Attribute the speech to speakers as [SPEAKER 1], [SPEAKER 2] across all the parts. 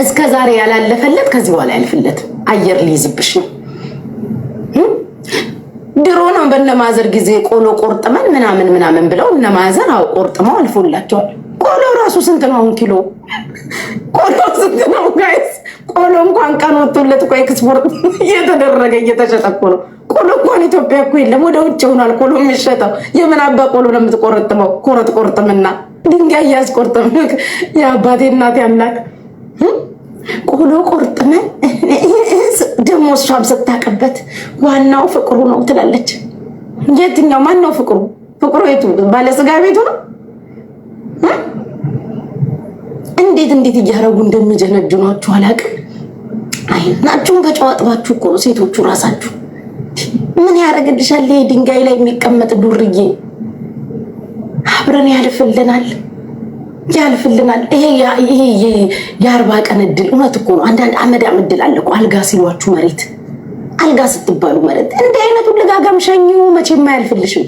[SPEAKER 1] እስከ ዛሬ ያላለፈለት ከዚህ በኋላ ያልፍለት። አየር ሊይዝብሽ ነው። ድሮ ነው በነማዘር ጊዜ ቆሎ ቆርጥመን ምናምን ምናምን ብለው እነማዘር አው ቆርጥመው አልፎላቸዋል። ቆሎ ራሱ ስንት ነው? አሁን ኪሎ ቆሎ ስንት ነው ጋይስ? ቆሎ እንኳን ቀን ወጥቶለት እኮ ኤክስፖርት እየተደረገ እየተሸጠ እኮ ነው። ቆሎ እንኳን ኢትዮጵያ እኮ የለም፣ ወደ ውጭ ሆኗል ቆሎ የሚሸጠው። የምን አባ ቆሎ ነው የምትቆረጥመው? ቆርጥምና ድንጋይ ያስቆርጥም። የአባቴ እናቴ አምላክ ቆሎ ቆርጥመን ደግሞ እሷም ስታቅበት ዋናው ፍቅሩ ነው ትላለች። የትኛው ማን ነው ፍቅሩ? ፍቅሩ የቱ ባለስጋ ቤቱ ነው። እንዴት እንዴት እያደረጉ እንደሚጀነጅኗችሁ አላውቅም። አይናችሁን በጨዋጥባችሁ እኮ ሴቶቹ ራሳችሁ ምን ያደርግልሻል? ድንጋይ ላይ የሚቀመጥ ዱርዬ አብረን ያልፍልናል። ያልፍልናል። ይሄ የአርባ ቀን እድል እውነት እኮ ነው። አንዳንድ አመዳም እድል አለ እኮ አልጋ ሲሏችሁ መሬት አልጋ ስትባሉ መሬት። እንዲህ አይነቱን ልጋጋም ሸኝው መቼም አያልፍልሽም።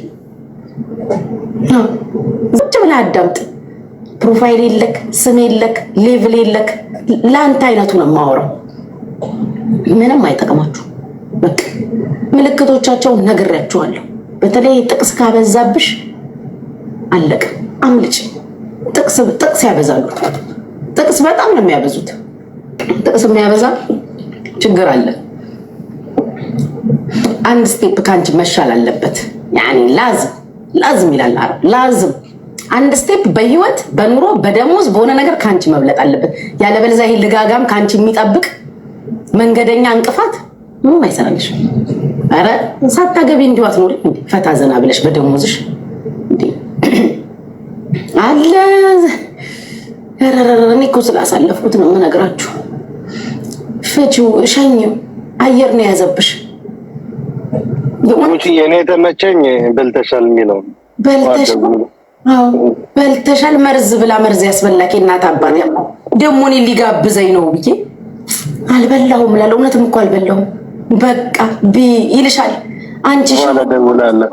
[SPEAKER 1] ቁጭ ብለህ አዳምጥ። ፕሮፋይል የለክ፣ ስም የለክ፣ ሌቭል የለክ። ለአንተ አይነቱ ነው የማወራው። ምንም አይጠቅማችሁ። በቃ ምልክቶቻቸውን ነግሬያችኋለሁ። በተለይ ጥቅስ ካበዛብሽ አለቀ፣ አምልጭ። ጥቅስ ያበዛሉ። ጥቅስ በጣም ነው የሚያበዙት። ጥቅስ የሚያበዛ ችግር አለ። አንድ ስቴፕ ከአንቺ መሻል አለበት። ያኔ ላዝም ላዝም ይላል አረብ። ላዝም አንድ ስቴፕ በህይወት በኑሮ በደሞዝ በሆነ ነገር ከአንቺ መብለጥ አለበት። ያለበለዚያ ይሄ ልጋጋም ከአንቺ የሚጠብቅ መንገደኛ እንቅፋት ምንም አይሰራልሽ። ኧረ ሳታገቢ እንዲሁ አትኖሪ። ፈታ ዘና ብለሽ በደሞዝሽ አለ። እኔ እኮ ስላሳለፍኩት ነው የምነግራችሁ። ፍቺው፣ ሸኚው፣ አየር ነው የያዘብሽ።
[SPEAKER 2] እኔ የተመቸኝ በልተሻል የሚለው
[SPEAKER 1] በልተሻል መርዝ ብላ መርዝ ያስበላኪ እናት አባት ደግሞ እኔ ሊጋብዘኝ ነው ብዬ አልበላሁም እላለሁ። እውነትም እኮ አልበላሁም። በቃ ይልሻል አንቺ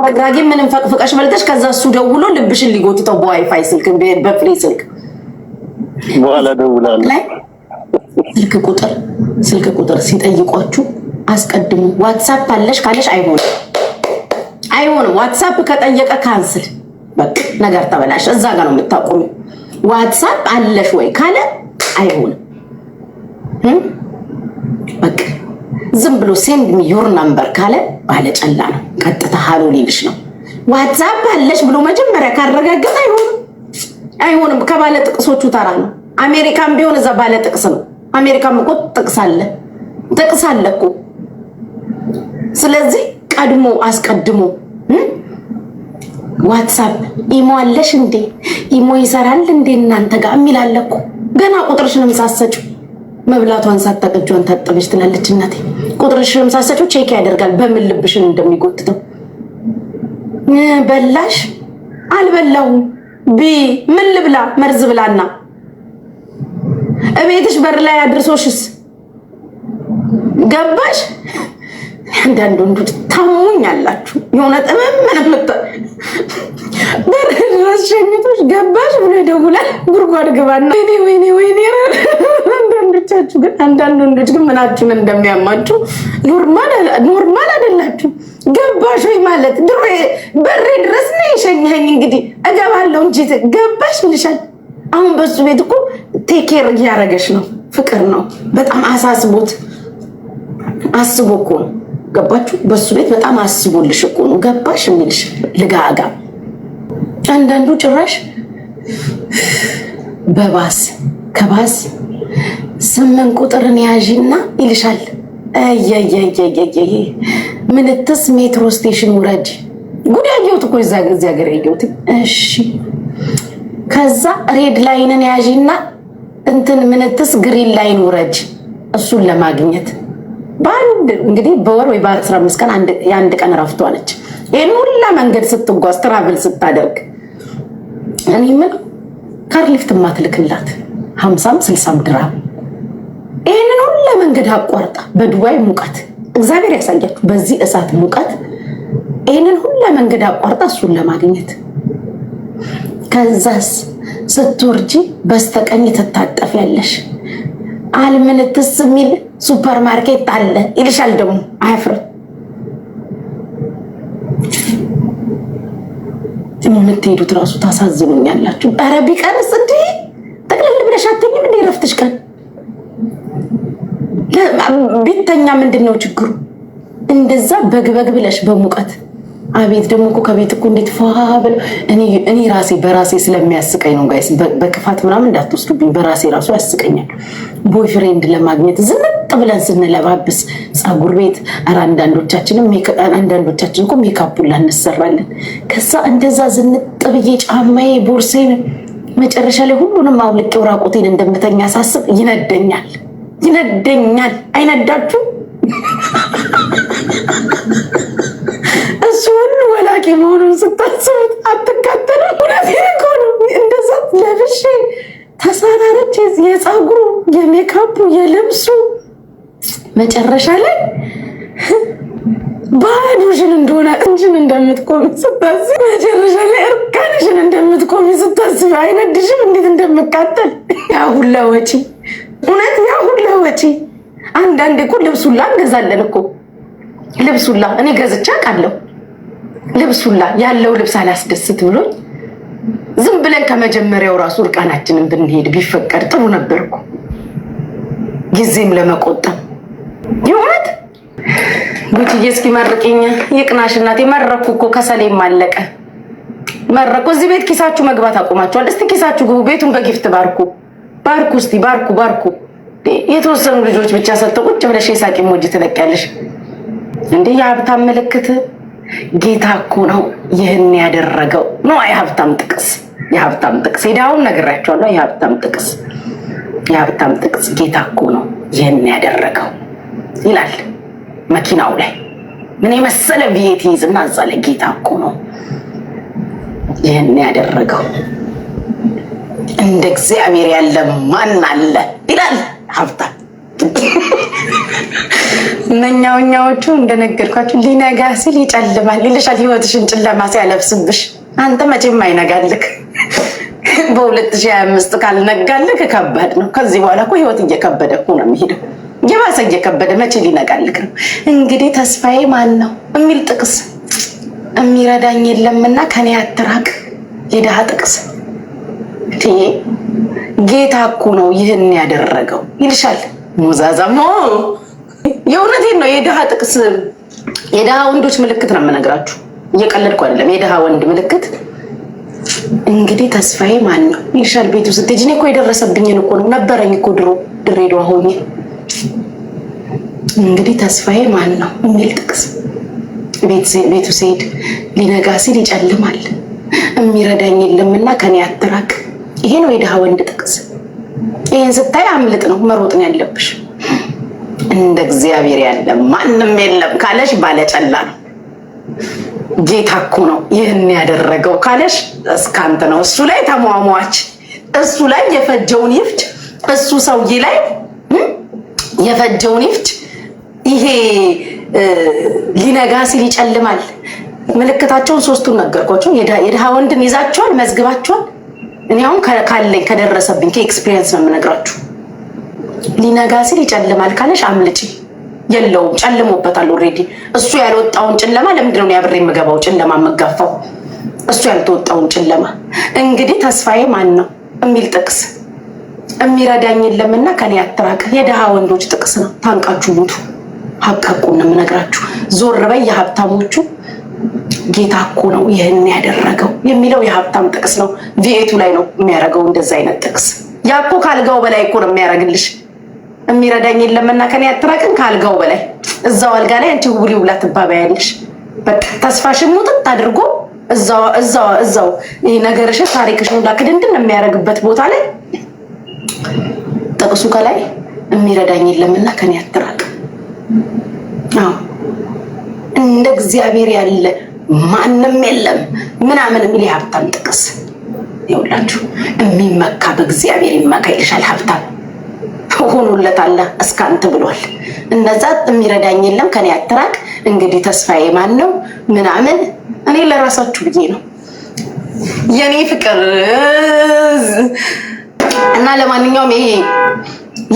[SPEAKER 1] ረግራጌ ምንም ፈቅፍቀሽ በልተሽ ከዛ እሱ ደውሎ ልብሽን ሊጎትተው በዋይፋይ ስልክ በፍሬ ስልክ
[SPEAKER 2] በኋላ ደውላለሁ
[SPEAKER 1] ስልክ ቁጥር ስልክ ቁጥር ሲጠይቋችሁ አስቀድሙ። ዋትሳፕ አለሽ ካለሽ አይሆንም፣ አይሆንም። ዋትሳፕ ከጠየቀ ካንስል፣ በቃ ነገር ተበላሽ። እዛ ጋር ነው የምታቆሙ። ዋትሳፕ አለሽ ወይ ካለ አይሆንም፣ በቃ ዝም ብሎ ሴንድ ሚ ዩር ነምበር ካለ ባለጨላ ነው። ቀጥታ ሀሎ ሊልሽ ነው። ዋትሳፕ አለሽ ብሎ መጀመሪያ ካረጋገጠ አይሆንም፣ አይሆንም። ከባለ ጥቅሶቹ ተራ ነው። አሜሪካም ቢሆን እዛ ባለ ጥቅስ ነው። አሜሪካም እኮ ጥቅስ አለ፣ ጥቅስ አለ እኮ። ስለዚህ ቀድሞ አስቀድሞ ዋትሳፕ ኢሞ አለሽ እንዴ ኢሞ ይሰራል እንዴ እናንተ ጋር የሚላለኩ ገና ቁጥርሽንም ሳሰጩ መብላቷን ሳታቀጇን ታጠበች ትላለች እናቴ። ቁጥርሽ ሳሰጪው ቼክ ያደርጋል በምን ልብሽን እንደሚጎትተው። በላሽ አልበላውም ቢ ምን ልብላ መርዝ ብላና እቤትሽ በር ላይ አድርሶሽስ ገባሽ። አንዳንድ ወንዶች ታሙኝ አላችሁ የሆነ ጥምም ምንምጠ በር ድረስ ሸኝቶሽ ገባሽ ብሎ ደውላል ጉርጓድ ግባና ወይኔ ወይኔ ወይኔ ብዙዎቻችሁ ግን አንዳንድ ወንዶች ግን ምናችሁን እንደሚያማችሁ ኖርማል አይደላችሁም። ገባሽ ወይ ማለት ድሮ በሬ ድረስ ነው የሸኘኸኝ። እንግዲህ እገባለሁ እንጂ ገባሽ ልሻል። አሁን በሱ ቤት እኮ ቴኬር እያረገሽ ነው። ፍቅር ነው። በጣም አሳስቦት አስቦ እኮ ነው። ገባችሁ? በሱ ቤት በጣም አስቦልሽ እኮ ነው። ገባሽ የሚልሽ ልጋጋ። አንዳንዱ ጭራሽ በባስ ከባስ ስምንት ቁጥርን ያዥና ይልሻል። እየየየየየ ምንትስ ሜትሮ ስቴሽን ውረድ። ጉድ ያየሁት እኮ እዛ ጊዜ ሀገር ያየሁት። እሺ ከዛ ሬድ ላይንን ያዥና እንትን ምንትስ ግሪን ላይን ውረድ። እሱን ለማግኘት በአንድ እንግዲህ በወር ወይ በአስራ አምስት ቀን የአንድ ቀን አለች። ይህን ሁላ መንገድ ስትጓዝ ትራቭል ስታደርግ እኔ ምን ካርሊፍት ማትልክላት ሀምሳም ስልሳም ድራም ይህንን ሁሉ መንገድ አቋርጣ በዱባይ ሙቀት እግዚአብሔር ያሳያችሁ፣ በዚህ እሳት ሙቀት ይህንን ሁሉ መንገድ አቋርጣ እሱን ለማግኘት ከዛስ ስትወርጂ በስተቀኝ ያለሽ አልምንትስ የሚል ሱፐር ማርኬት አለ ይልሻል። ደግሞ አያፍርም። የምትሄዱት ራሱ ታሳዝኑኛላችሁ። ኧረ ቢቀርስ እንዲህ ጠቅለል ብለሽ አትይም እንደ እረፍትሽ ቀን ቢተኛ ምንድን ነው ችግሩ? እንደዛ በግ ብለሽ በሙቀት አቤት ደግሞ እኮ ከቤት እኮ እንዴት ፏ ብለው እኔ ራሴ በራሴ ስለሚያስቀኝ ነው ጋይስ፣ በክፋት ምናምን እንዳትወስዱብኝ። በራሴ ራሱ ያስቀኛል። ቦይፍሬንድ ለማግኘት ዝንጥ ብለን ስንለባብስ ፀጉር ቤት፣ ኧረ አንዳንዶቻችን እኮ ሜካፑላ እንሰራለን። ከዛ እንደዛ ዝንጥ ብዬ ጫማዬ፣ ቦርሴን መጨረሻ ላይ ሁሉንም አውልቄ ራቁቴን እንደምተኛ ሳስብ ይነደኛል። ይነደኛል። አይነዳችሁ እሱ ወላቂ መሆኑን ስታስቡት አትካተልም። እውነቴን እኮ ነው። እንደዛ ለብሼ ተሰራረች። የፀጉሩ የሜካፑ የልብሱ መጨረሻ ላይ ባህሉሽን እንደሆነ እንሽን እንደምትቆሚ ስታስቢ መጨረሻ ላይ እርቃንሽን እንደምትቆሚ ስታስቢ አይነድሽም? እንዴት እንደምቃጠል ያ ሁላ ወጪ እውነት ያ ሁላ ወጪ አንዳንዴ እኮ ልብሱላ እንገዛለን እኮ ልብሱላ እኔ ገዝቻ ቃለሁ ልብሱላ ያለው ልብስ አላስደስት ብሎኝ ዝም ብለን ከመጀመሪያው ራሱ እርቃናችንን ብንሄድ ቢፈቀድ ጥሩ ነበርኩ። ጊዜም ለመቆጠብ የእውነት ጉቺዬ እስኪ መርቅኝ ይቅናሽ እናቴ። መረኩ እኮ ከሰሌም አለቀ መረኩ። እዚህ ቤት ኪሳችሁ መግባት አቁማችኋል። እስቲ ኪሳችሁ ግቡ። ቤቱን በጊፍት ባርኩ። ባርኩ፣ እስቲ ባርኩ፣ ባርኩ። የተወሰኑ ልጆች ብቻ ሰጥተው ቁጭ ብለሽ የሳቂ ሞጅ ትለቅያለሽ እንዴ? የሀብታም ምልክት ጌታ እኮ ነው ይህን ያደረገው ነው። የሀብታም ጥቅስ የሀብታም ጥቅስ ሄዳውን ነግራቸዋለሁ። የሀብታም ጥቅስ የሀብታም ጥቅስ ጌታ እኮ ነው ይህን ያደረገው ይላል መኪናው ላይ ምን የመሰለ ቤት ይዝና እዛ ላይ ጌታ እኮ ነው ይህን ያደረገው እንደ እግዚአብሔር ያለ ማን አለ ይላል ሀብታም። እነኛውኛዎቹ እንደነገርኳቸው ሊነጋ ሲል ይጨልማል ይልሻል። ህይወትሽን ጭለማ ሲያለብስብሽ አንተ መቼም አይነጋልክ። በ2025 ካልነጋልክ ከባድ ነው። ከዚህ በኋላ እኮ ህይወት እየከበደ እኮ ነው የሚሄደው የባሰ እየከበደ መቼ ሊነጋልክ ነው? እንግዲህ ተስፋዬ ማን ነው የሚል ጥቅስ የሚረዳኝ የለምና ከኔ አትራቅ የድሃ ጥቅስ ጌታ እኮ ነው ይህን ያደረገው ይልሻል። ሙዛዛሞ የእውነቴን ነው። የድሃ ጥቅስ የድሃ ወንዶች ምልክት ነው የምነግራችሁ፣ እየቀለድኩ አይደለም። የድሃ ወንድ ምልክት እንግዲህ ተስፋዬ ማን ነው ይልሻል። ቤቱ ስትሄጂ እኔ እኮ የደረሰብኝን እኮ ነው ነበረኝ እኮ ድሮ ድሬዳዋ ሆኜ እንግዲህ ተስፋዬ ማን ነው የሚል ጥቅስ ቤቱ ስሄድ ሊነጋ ሲል ይጨልማል፣ የሚረዳኝ የለምና ከኔ አትራቅ ይሄ ነው የድሃ ወንድ ጥቅስ። ይህን ስታይ አምልጥ ነው መሮጥ ነው ያለብሽ። እንደ እግዚአብሔር ያለ ማንም የለም ካለሽ ባለጨላ ነው። ጌታ እኮ ነው ይህን ያደረገው ካለሽ እስካንት ነው። እሱ ላይ ተሟሟች፣ እሱ ላይ የፈጀውን ይፍጅ፣ እሱ ሰውዬ ላይ የፈጀውን ይፍጅ። ይሄ ሊነጋ ሲል ይጨልማል። ምልክታቸውን ሶስቱን ነገርኳቸው። የድሃ ወንድን ይዛቸዋል፣ መዝግባቸዋል እኔ አሁን ካለኝ ከደረሰብኝ ከኤክስፒሪየንስ ነው የምነግራችሁ። ሊነጋ ሲል ይጨልማል ካለሽ አምልጪ። የለውም ጨልሞበታል ኦልሬዲ። እሱ ያልወጣውን ጨለማ ለምንድነው ነው ያብሬ የምገባው ጨለማ የምጋፋው? እሱ ያልተወጣውን ጨለማ እንግዲህ ተስፋዬ ማን ነው የሚል ጥቅስ የሚረዳኝ የለምና ከኔ አትራቅ። የድሃ ወንዶች ጥቅስ ነው። ታንቃችሁ ሙቱ። ሀቅ ሀቁን ነው የምነግራችሁ። ዞር በይ የሀብታሞቹ ጌታ እኮ ነው ይህን ያደረገው የሚለው የሀብታም ጥቅስ ነው። ቪኤቱ ላይ ነው የሚያደርገው እንደዚ አይነት ጥቅስ። ያ እኮ ካልጋው በላይ እኮ ነው የሚያደርግልሽ። የሚረዳኝ የለምና ከኔ ያትራቅን ካልጋው በላይ እዛው አልጋ ላይ አንቺ ውሊ ውላ ትባባያለሽ። በቃ ተስፋሽን ሙጥጥ አድርጎ እዛው ነገርሽ ታሪክሽ ሁላ ክድንድን የሚያደርግበት ቦታ ላይ ጥቅሱ ከላይ የሚረዳኝ የለምና ከኔ አትራቅም። አዎ እንደ እግዚአብሔር ያለ ማንም የለም ምናምን የሚል የሀብታም ጥቅስ ይውላችሁ። የሚመካ በእግዚአብሔር ይመካ ይልሻል ሀብታም አለ እስካንት ብሏል። እነዛ የሚረዳኝ የለም ከኔ አትራቅ፣ እንግዲህ ተስፋዬ ማን ነው ምናምን። እኔ ለራሳችሁ ብዬ ነው የኔ ፍቅር እና ለማንኛውም ይሄ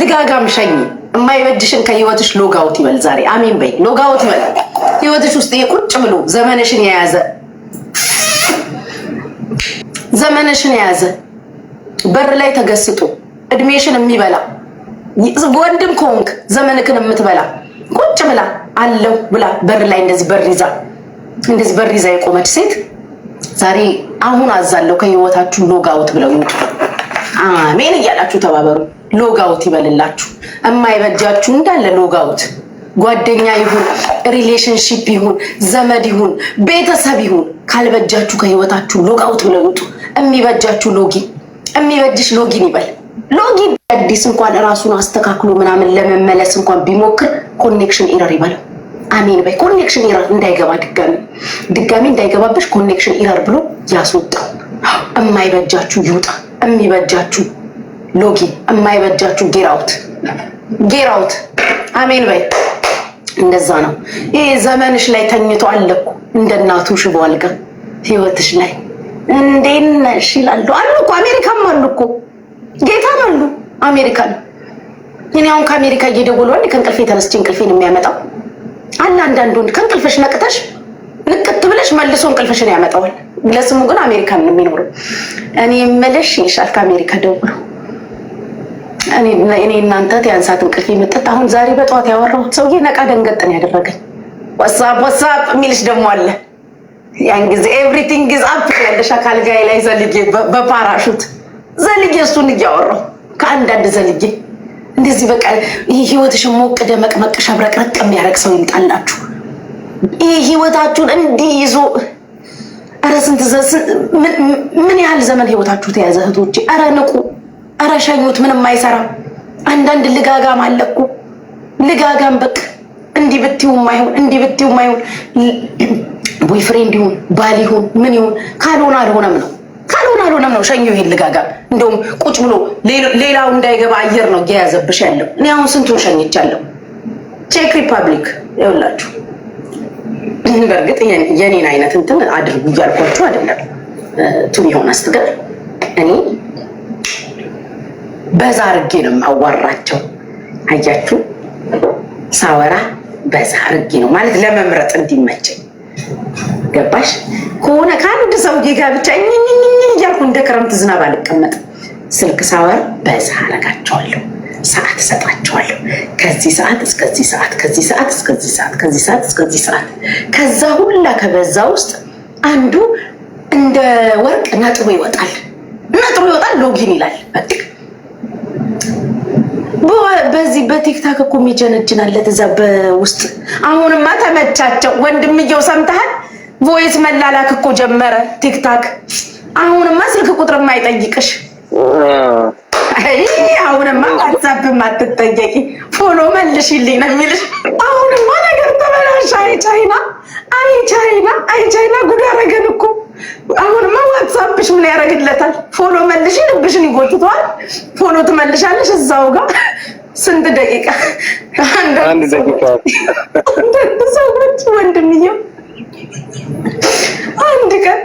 [SPEAKER 1] ልጋጋም ሸኝ የማይበድሽን ከህይወትሽ ሎጋውት ይበል። ዛሬ አሜን በይ። ሎጋውት ይበል ህይወትሽ ውስጥ የቁጭ ብሎ ዘመነሽን የያዘ ዘመነሽን የያዘ በር ላይ ተገስጦ እድሜሽን የሚበላ ወንድም ከሆንክ ዘመንክን የምትበላ ቁጭ ብላ አለው ብላ በር ላይ እንደዚህ በር ይዛ እንደዚህ በር ይዛ የቆመች ሴት ዛሬ አሁን አዛለሁ ከህይወታችሁ ሎጋውት ብለው ይውጡ። አሜን እያላችሁ ተባበሩ። ሎጋውት ይበልላችሁ። የማይበጃችሁ እንዳለ ሎጋውት። ጓደኛ ይሁን ሪሌሽንሽፕ ይሁን ዘመድ ይሁን ቤተሰብ ይሁን ካልበጃችሁ ከህይወታችሁ ሎጋውት ብለው ይውጡ። የሚበጃችሁ ሎጊ የሚበጅሽ ሎጊን ይበል። ሎጊን አዲስ እንኳን እራሱን አስተካክሎ ምናምን ለመመለስ እንኳን ቢሞክር ኮኔክሽን ኢረር ይበለው። አሜን በይ። ኮኔክሽን ኢረር እንዳይገባ ድጋሚ ድጋሚ እንዳይገባበሽ ኮኔክሽን ኢረር ብሎ ያስወጣው። የማይበጃችሁ ይውጣ፣ የሚበጃችሁ ሎጊ የማይበጃችሁ ጌራውት ጌራውት አሜን በይ። እንደዛ ነው። ይህ ዘመንሽ ላይ ተኝቶ አለኩ እንደ እናቱ ሽቦ አልጋ ህይወትሽ ላይ እንዴት ነሽ ይላሉ አሉ እኮ አሜሪካም አሉ እኮ ጌታም አሉ አሜሪካን። እኔ አሁን ከአሜሪካ እየደወሉ አንድ ከእንቅልፌ ተነስቼ እንቅልፌን የሚያመጣው አለ። አንዳንድ ወንድ ከእንቅልፍሽ ነቅተሽ ንቅት ብለሽ መልሶ እንቅልፍሽን ያመጣዋል። ለስሙ ግን አሜሪካን ነው የሚኖረው። እኔ የምልሽ ይሻል ከአሜሪካ ደውለው። እኔ እናንተ ቲያንሳት እንቅልፍ የምጥት አሁን ዛሬ በጠዋት ያወራሁት ሰውዬ ነቃ ደንገጥን ያደረገን ዋትሳፕ ዋትሳፕ የሚልሽ ደግሞ አለ። ያን ጊዜ ኤቭሪቲንግ ኢዝ አፕ ያለሽ አካልጋይ ላይ ዘልጌ በፓራሹት ዘልጌ እሱን እያወራሁ ከአንዳንድ ዘልጌ እንደዚህ በቃ ይህ ህይወትሽ ሞቅ ደመቅ መቅ ሸብረቅረቅ የሚያደርግ ሰው ይምጣላችሁ። ይህ ህይወታችሁን እንዲህ ይዞ ኧረ ስንት ምን ያህል ዘመን ህይወታችሁ ተያዘ እህቶቼ፣ ኧረ ንቁ። እረ ሸኙት፣ ምንም አይሰራም። አንዳንድ ልጋጋም አለ ልጋጋም በቅ እንዲህ ብትይውም ማይሆን እንዲህ ብትይውም ቦይ ቦይፍሬንድ ይሁን ባል ይሁን ምን ይሁን ካልሆነ አልሆነም ነው ካልሆነ አልሆነም ነው። ሸኙ ይሄን ልጋጋም። እንደውም ቁጭ ብሎ ሌላው እንዳይገባ አየር ነው እየያዘብሽ ያለው። እኔ አሁን ስንቱን ሸኝቻለሁ። ቼክ ሪፐብሊክ ይኸውላችሁ። በእርግጥ የኔን አይነት እንትን አድርጉ እያልኳችሁ አይደለም። ቱ ቢሆን አስትገር እኔ በዛ አድርጌ ነው የማዋራቸው። አያችሁ ሳወራ በዛ አድርጌ ነው ማለት ለመምረጥ እንዲመቸኝ ገባሽ? ከሆነ ከአንድ ሰው ጌጋ ብቻ እያልኩ እንደ ክረምት ዝናብ አልቀመጥም። ስልክ ሳወር በዛ አረጋቸዋለሁ። ሰዓት እሰጣቸዋለሁ። ከዚህ ሰዓት እስከዚህ ሰዓት፣ ከዚህ ሰዓት እስከዚህ ሰዓት፣ ከዚህ ሰዓት እስከዚህ ሰዓት። ከዛ ሁላ ከበዛ ውስጥ አንዱ እንደ ወርቅ ነጥቦ ይወጣል። ነጥቦ ይወጣል፣ ሎጊን ይላል በቃ በዚህ በቲክታክ እኮ የሚጀነጅናለት እዛ በውስጥ አሁንማ ተመቻቸው። ወንድምየው ሰምተሃል? ቮይስ መላላክ እኮ ጀመረ ቲክታክ። አሁንማ ስልክ ቁጥር አይጠይቅሽ። አሁንማ ዋትሳፕም ማትጠየቂ ፎሎ መልሽልኝ ነው የሚልሽ። አሁንማ ነገር ተበላሽ። አይ ቻይና፣ አይ ቻይና፣ አይ ቻይና ጉድ አደረገን እኮ አሁንማ ዋትሳፕሽ ምን ያደርግለታል? ፎሎ መልሽ፣ ልብሽን ይጎትቷል። ፎሎ ትመልሻለሽ እዛው ጋር ስንት ደቂቃ? አንድ ደቂቃ። ሰዎች ወንድምየው አንድ ቀን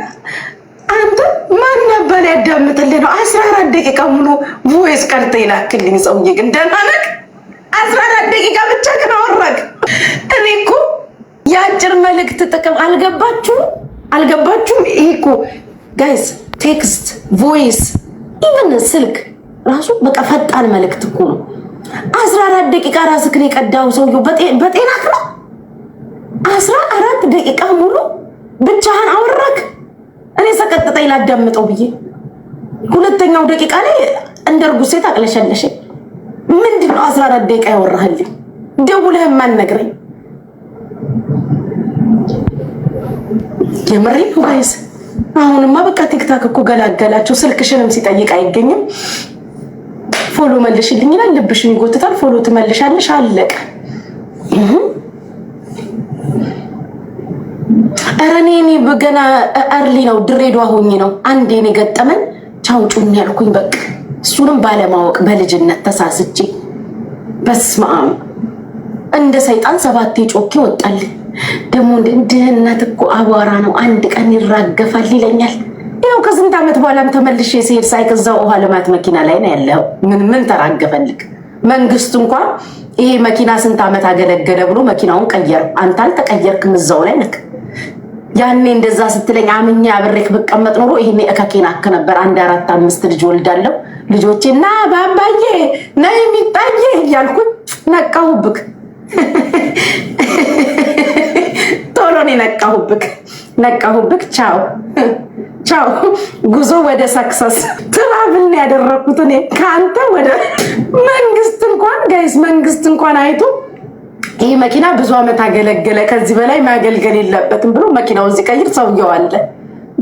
[SPEAKER 1] አንተ ማን ነበር ያዳምጥልህ ነው? አስራ አራት ደቂቃ ሙሉ ቮይስ ቀርተ ይላክልኝ ሰውዬ። ግን ደህና ነህ? አስራ አራት ደቂቃ ብቻ ግን አወራክ። እኔ እኮ የአጭር መልእክት ጥቅም አልገባችሁም? አልገባችሁም? ይሄ እኮ ጋይስ ቴክስት፣ ቮይስ፣ ኢቨን ስልክ ራሱ በቃ ፈጣን መልእክት እኮ ነው። አስራ አራት ደቂቃ ራስክን የቀዳው ሰውዬው በጤናክ ነው። አስራ አራት ደቂቃ ሙሉ ብቻህን አወራክ። እኔ ሰቀጥጠኝ ላዳምጠው ብዬ ሁለተኛው ደቂቃ ላይ እንደ እርጉዝ ሴት አቅለሸለሸኝ። ምንድነው አስራ አራት ደቂቃ ያወራህልኝ? ደውለህም አልነግረኝ የምሬ ጋይስ። አሁንማ በቃ ቲክታክ እኮ ገላገላቸው። ስልክሽንም ሲጠይቅ አይገኝም። ፎሎ መልሽልኝ ይላል፣ ልብሽን ይጎትታል። ፎሎ ትመልሻለሽ፣ አለቀ። ኧረ እኔ እኔ ገና እርሊ ነው ድሬዳዋ ሆኜ ነው አንዴ እኔ ገጠመን ቻው ያልኩኝ በቃ እሱንም ባለማወቅ በልጅነት ተሳስቼ በስመ አብ እንደ ሰይጣን ሰባቴ ጮኬ ወጣልኝ። ደግሞ ድህነት እኮ አቧራ ነው፣ አንድ ቀን ይራገፋል ይለኛል። ያው ከስንት ዓመት በኋላም ተመልሼ ስሄድ ሳይክ እዛው ውሃ ልማት መኪና ላይ ነው ያለው። ምን ምን ተራገፈልክ? መንግስቱ እንኳን ይሄ መኪና ስንት ዓመት አገለገለ ብሎ መኪናውን ቀየር። አንተ አልተቀየርክም፣ እዛው ላይ ነክ። ያኔ እንደዛ ስትለኝ አምኜ አብሬክ ብቀመጥ ኖሮ ይሄኔ እከኬን አክ ነበር። አንድ አራት አምስት ልጅ ወልዳለሁ። ልጆቼ ና ባባዬ ና የሚጣዬ እያልኩኝ ነቃሁብክ። እኔ ነቃሁብክ ነቃሁብክ። ቻው ቻው። ጉዞ ወደ ሰክሰስ ትራቭልን ያደረኩት እኔ ከአንተ ወደ መንግስት እንኳን ጋይስ መንግስት እንኳን አይቶ ይህ መኪና ብዙ ዓመት አገለገለ ከዚህ በላይ ማገልገል የለበትም ብሎ መኪናውን ሲቀይር ሰውየው አለ።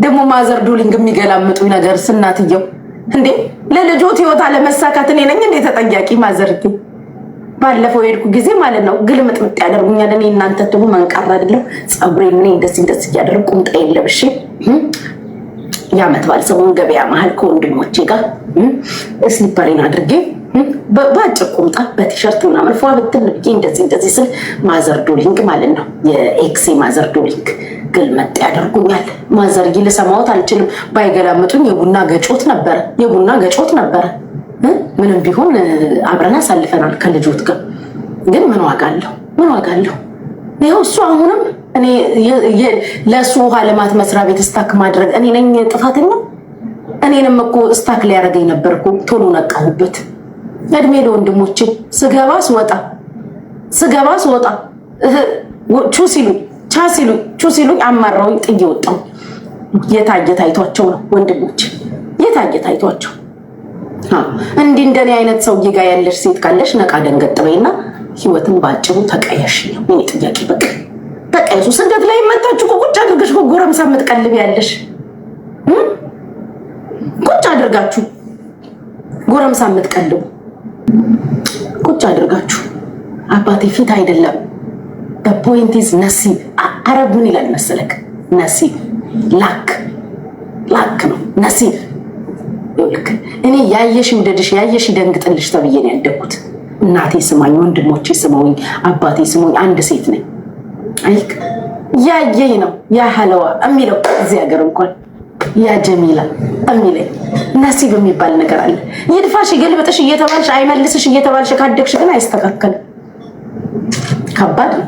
[SPEAKER 1] ደግሞ ማዘር ዱሊንግ የሚገላምጡ ነገር ስናትየው እንዴ ለልጆት ህይወት አለመሳካት እኔ ነኝ እንዴ ተጠያቂ ማዘርጌ ባለፈው የሄድኩ ጊዜ ማለት ነው ግልምጥምጥ ያደርጉኛል። እኔ እናንተ ትሁ መንቀር አይደለም ፀጉሬ ምን እንደዚህ እንደዚህ እያደረግ ቁምጣ የለብሽ የአመት በዓል ሰሞን ገበያ መሀል ከወንድሞቼ ጋር ስሊፐሬን አድርጌ በአጭር ቁምጣ በቲሸርት ምናምን ፏ ብትን ብዬ እንደዚህ እንደዚህ ስል ማዘር ዶሊንግ ማለት ነው የኤክሴ ማዘር ዶሊንግ ግልመጥ ያደርጉኛል። ማዘርጊ ልሰማዎት አልችልም። ባይገላምጡኝ የቡና ገጮት ነበረ የቡና ገጮት ነበረ ምንም ቢሆን አብረን አሳልፈናል ከልጆት ጋር ግን ምን ዋጋ አለው? ምን ዋጋ አለው? ይኸው እሱ አሁንም እኔ ለእሱ ውሃ ልማት መስሪያ ቤት ስታክ ማድረግ እኔ ነኝ ጥፋተኛ። እኔንም እኮ ስታክ ሊያደርገኝ ነበር እኮ ቶሎ ነቃሁበት። እድሜ ለወንድሞቼ ስገባ ስወጣ ስገባ ስወጣ ቹ ሲሉ ቻ ሲሉ ቹ ሲሉ አማራውኝ ጥዬ ወጣሁ። የታየ ታይቷቸው ነው ወንድሞቼ፣ የታየ ታይቷቸው እንዲህ እንደኔ አይነት ሰውዬ ጋር ያለሽ ሴት ካለሽ ነቃ ደንገጥ በይና ህይወትን በአጭሩ ተቀየሽ ነው የእኔ ጥያቄ። በቃ በቃ ስደት ላይ መታችሁ ቁጭ አድርገሽ ጎረምሳ የምትቀልብ ያለሽ ቁጭ አድርጋችሁ ጎረምሳ የምትቀልቡ ቁጭ አድርጋችሁ አባቴ ፊት አይደለም በፖይንቲዝ ነሲብ አረብ ምን ይላል መሰለክ? ነሲብ ላክ ላክ ነው ነሲብ እኔ ያየሽ ይውደድሽ ያየሽ ይደንግጥልሽ ተብዬ ነው ያደግኩት። እናቴ ስማኝ፣ ወንድሞቼ ስመውኝ፣ አባቴ ስሞኝ፣ አንድ ሴት ነኝ። አይክ ያየኝ ነው የሚለው እዚህ ሀገር እንኳን ያ ጀሚላ የሚለኝ ነሲብ የሚባል ነገር አለ። ይድፋሽ ይገልበጥሽ እየተባልሽ አይመልስሽ እየተባልሽ ካደግሽ ግን አይስተካከልም። ከባድ ነው፣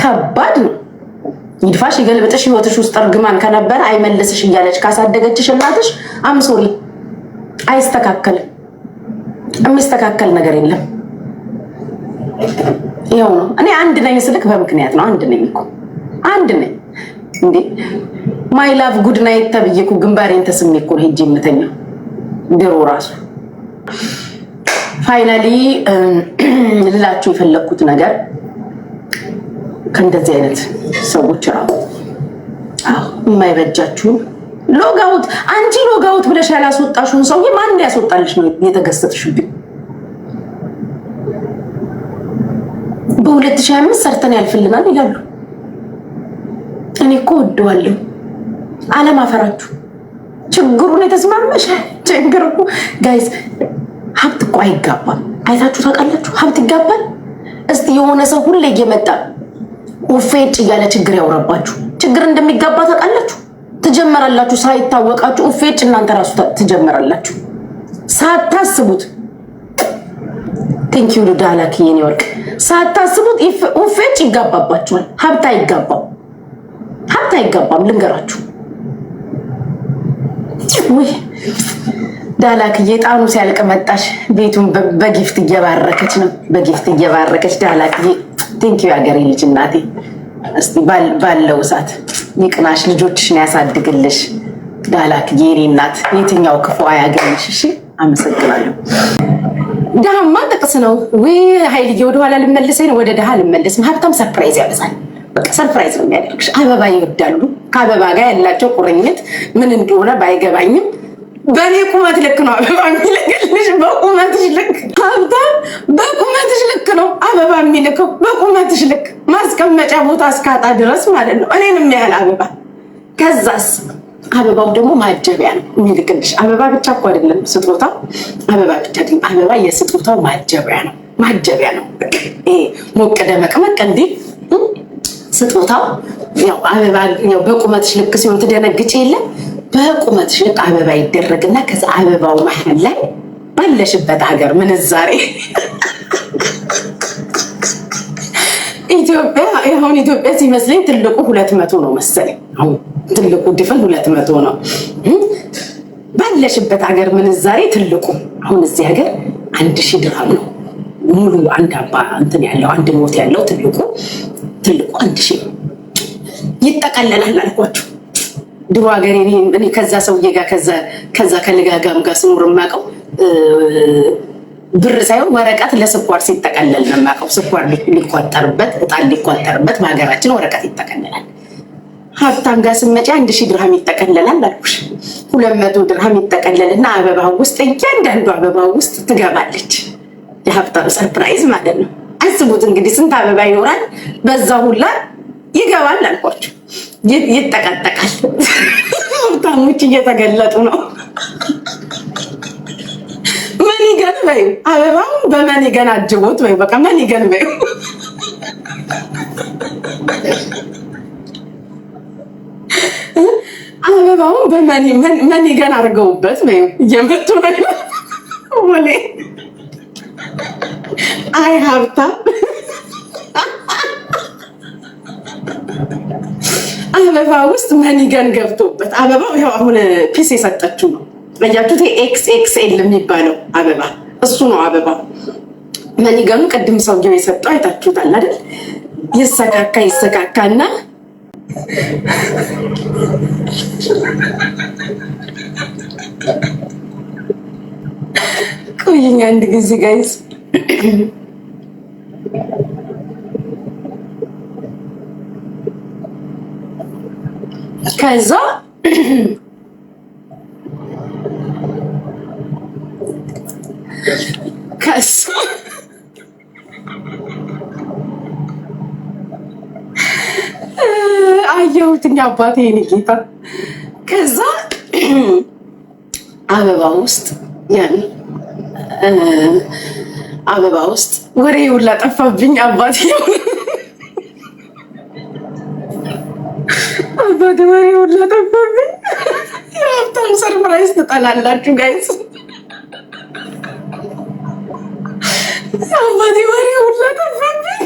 [SPEAKER 1] ከባድ ነው። ይድፋሽ ይገልብጥሽ ህይወትሽ ውስጥ እርግማን ከነበረ አይመልስሽ እያለች ካሳደገችሽ እናትሽ አም ሶሪ፣ አይስተካከልም። የሚስተካከል ነገር የለም። ይኸው ነው። እኔ አንድ ነኝ ስልክ በምክንያት ነው። አንድ ነኝ እኮ አንድ ነኝ እንዴ ማይ ላቭ ጉድ ናይት ተብዬ እኮ ግንባሬን ተስሜ እኮ ሄጅ ሄጄ የምተኛው ድሮ ራሱ። ፋይናሊ ልላችሁ የፈለግኩት ነገር ከእንደዚህ አይነት ሰዎች ራቁ። የማይበጃችሁን ሎጋውት አንቺ ሎጋውት ብለሽ ያላስወጣሽውን ሰውዬ ማን ያስወጣልሽ ነው የተገሰጥሽብኝ። በሁለት ሺህ አምስት ሰርተን ያልፍልናል ይላሉ። እኔ እኮ ወደዋለሁ። አለም አፈራችሁ። ችግሩን የተስማመሽ ችግር እኮ ጋይዝ፣ ሀብት እኮ አይጋባም። አይታችሁ ታውቃላችሁ? ሀብት ይጋባል? እስቲ የሆነ ሰው ሁሌ እየመጣ ውፌጭ እያለ ችግር ያውረባችሁ። ችግር እንደሚጋባ ታውቃላችሁ። ትጀመራላችሁ፣ ሳይታወቃችሁ ውፌጭ እናንተ ራሱ ትጀመራላችሁ ሳታስቡት። ቴንኪዩ ዳላክ የኔ ወርቅ። ሳታስቡት ውፌጭ ይጋባባችኋል። ሀብት አይጋባም፣ ሀብት አይጋባም። ልንገራችሁ ውይ ዳላክ የጣኑ ሲያልቅ መጣሽ። ቤቱን በጊፍት እየባረከች ነው፣ በጊፍት እየባረከች ዳላክዬ ቴንክ ዩ የሀገሬ ልጅ እናቴ። እስቲ ባለው እሳት ይቅናሽ፣ ልጆችሽን ያሳድግልሽ። ዳላክ የኔ እናት የትኛው ክፉ አያገኝሽ። እሺ፣ አመሰግናለሁ። ድሃማ ጥቅስ ነው። ውይ ሀይልዬ፣ ወደኋላ ልመልሰኝ ነው። ወደ ድሃ ልመልስ። ሀብታም ሰርፕራይዝ ያበዛል። በቃ ሰርፕራይዝ ነው የሚያደርግሽ። አበባ ይወዳሉ። ከአበባ ጋር ያላቸው ቁርኝት ምን እንደሆነ ባይገባኝም በእኔ ቁመት ልክ ነው አበባ የሚልክልሽ። በቁመትሽ ልክ ሀብታም፣ በቁመትሽ ልክ ነው አበባ የሚልከው። በቁመትሽ ልክ ማስቀመጫ ቦታ እስካጣ ድረስ ማለት ነው። እኔንም ያህል አበባ። ከዛስ አበባው ደግሞ ማጀቢያ ነው የሚልክልሽ። አበባ ብቻ እኮ አይደለም ስጦታው፣ አበባ ብቻ አበባ የስጦታው ማጀቢያ ነው። ማጀቢያ ነው ሞቅ ደመቅ መቅ እንዲህ ስጦታው። ያው አበባ በቁመትሽ ልክ ሲሆን ትደነግጭ የለ በቁመትሽን አበባ ይደረግና ከዛ አበባው መሀል ላይ ባለሽበት ሀገር ምንዛሬ ኢትዮጵያ አሁን ኢትዮጵያ ሲመስለኝ ትልቁ ሁለት መቶ ነው መሰለኝ። አሁን ትልቁ ድፍን ሁለት መቶ ነው ባለሽበት ሀገር ምንዛሬ ትልቁ። አሁን እዚህ ሀገር አንድ ሺህ ድራም ነው ሙሉ አንድ አባ እንትን ያለው አንድ ሞት ያለው ትልቁ ትልቁ አንድ ሺህ ነው። ይጠቃለላል አልኳችሁ። ድሮ ሀገሬ እኔ ከዛ ሰውዬ ጋር ከዛ ከልጋጋም ጋር ስኖር የማውቀው ብር ሳይሆን ወረቀት ለስኳር ሲጠቀለል ነው የማውቀው። ስኳር ሊቆጠርበት እጣን ሊቆጠርበት በሀገራችን ወረቀት ይጠቀለላል። ሀብታም ጋር ስመጪ አንድ ሺህ ድርሃም ይጠቀለላል አልኩሽ። ሁለት መቶ ድርሃም ይጠቀለልና አበባ ውስጥ እያንዳንዱ አበባ ውስጥ ትገባለች። የሀብታም ሰርፕራይዝ ማለት ነው። አስቡት እንግዲህ ስንት አበባ ይኖራል በዛ ሁላ ይገባል አልኳቸው። ይጠቀጠቃል። ሀብታሞች እየተገለጡ ነው። መኒገን በዩ አበባው በመኒገን አጅቦት በዩ በቃ መኒገን በይ አበባው በመኒገን አድርገውበት ነው እየመጡ ነው። ወሌ አይ ሀብታም አበባ ውስጥ መኒገን ገብቶበት አበባው ይኸው አሁን ፒስ የሰጠችው ነው። እያችሁት ኤክስ ኤክስ ኤል የሚባለው አበባ እሱ ነው አበባ መኒገኑ። ቅድም ሰውየው የሰጠው አይታችሁታል አይደል? ይሰካካ ይሰካካ እና ቆይኝ አንድ ጊዜ ጋይዝ ከዛ ከእሱ አየሁትኝ አባቴ ንጌታ ከዛ አበባ ውስጥ ያን አበባ ውስጥ ወሬ ሁላ ጠፋብኝ አባቴ በገበሬ ወላ ጠባብኝ። የሀብታም ሰርፕራይዝ ትጠላላችሁ ጋይስ። አባቴ ወሬ ወላ ጠባብኝ።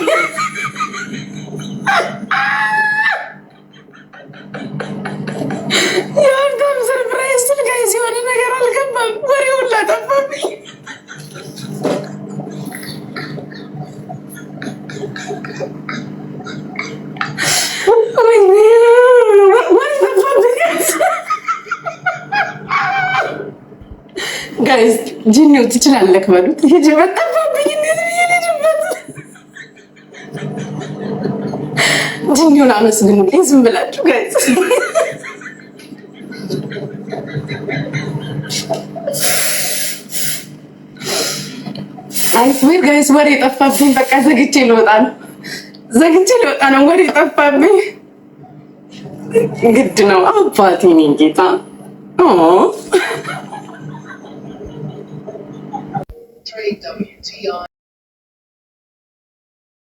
[SPEAKER 1] የሀብታም ሰርፕራይዝ ስል ጋይስ የሆነ ነገር አልገባም። ወሬ ወላ ጠባብኝ። ጋይስ ጂኒው ትችላለህ በሉት። ይሄ ጠፋብኝ። ጂኒውን አመስግኑልኝ ዝም ብላችሁ ጋይስ። አይስዌር ጋይስ ወሬ ጠፋብኝ። በቃ ዘግቼ ልወጣ ነው፣ ዘግቼ ልወጣ ነው። ወሬ ጠፋብኝ። ግድ ነው አባቴ፣ እኔ ጌታ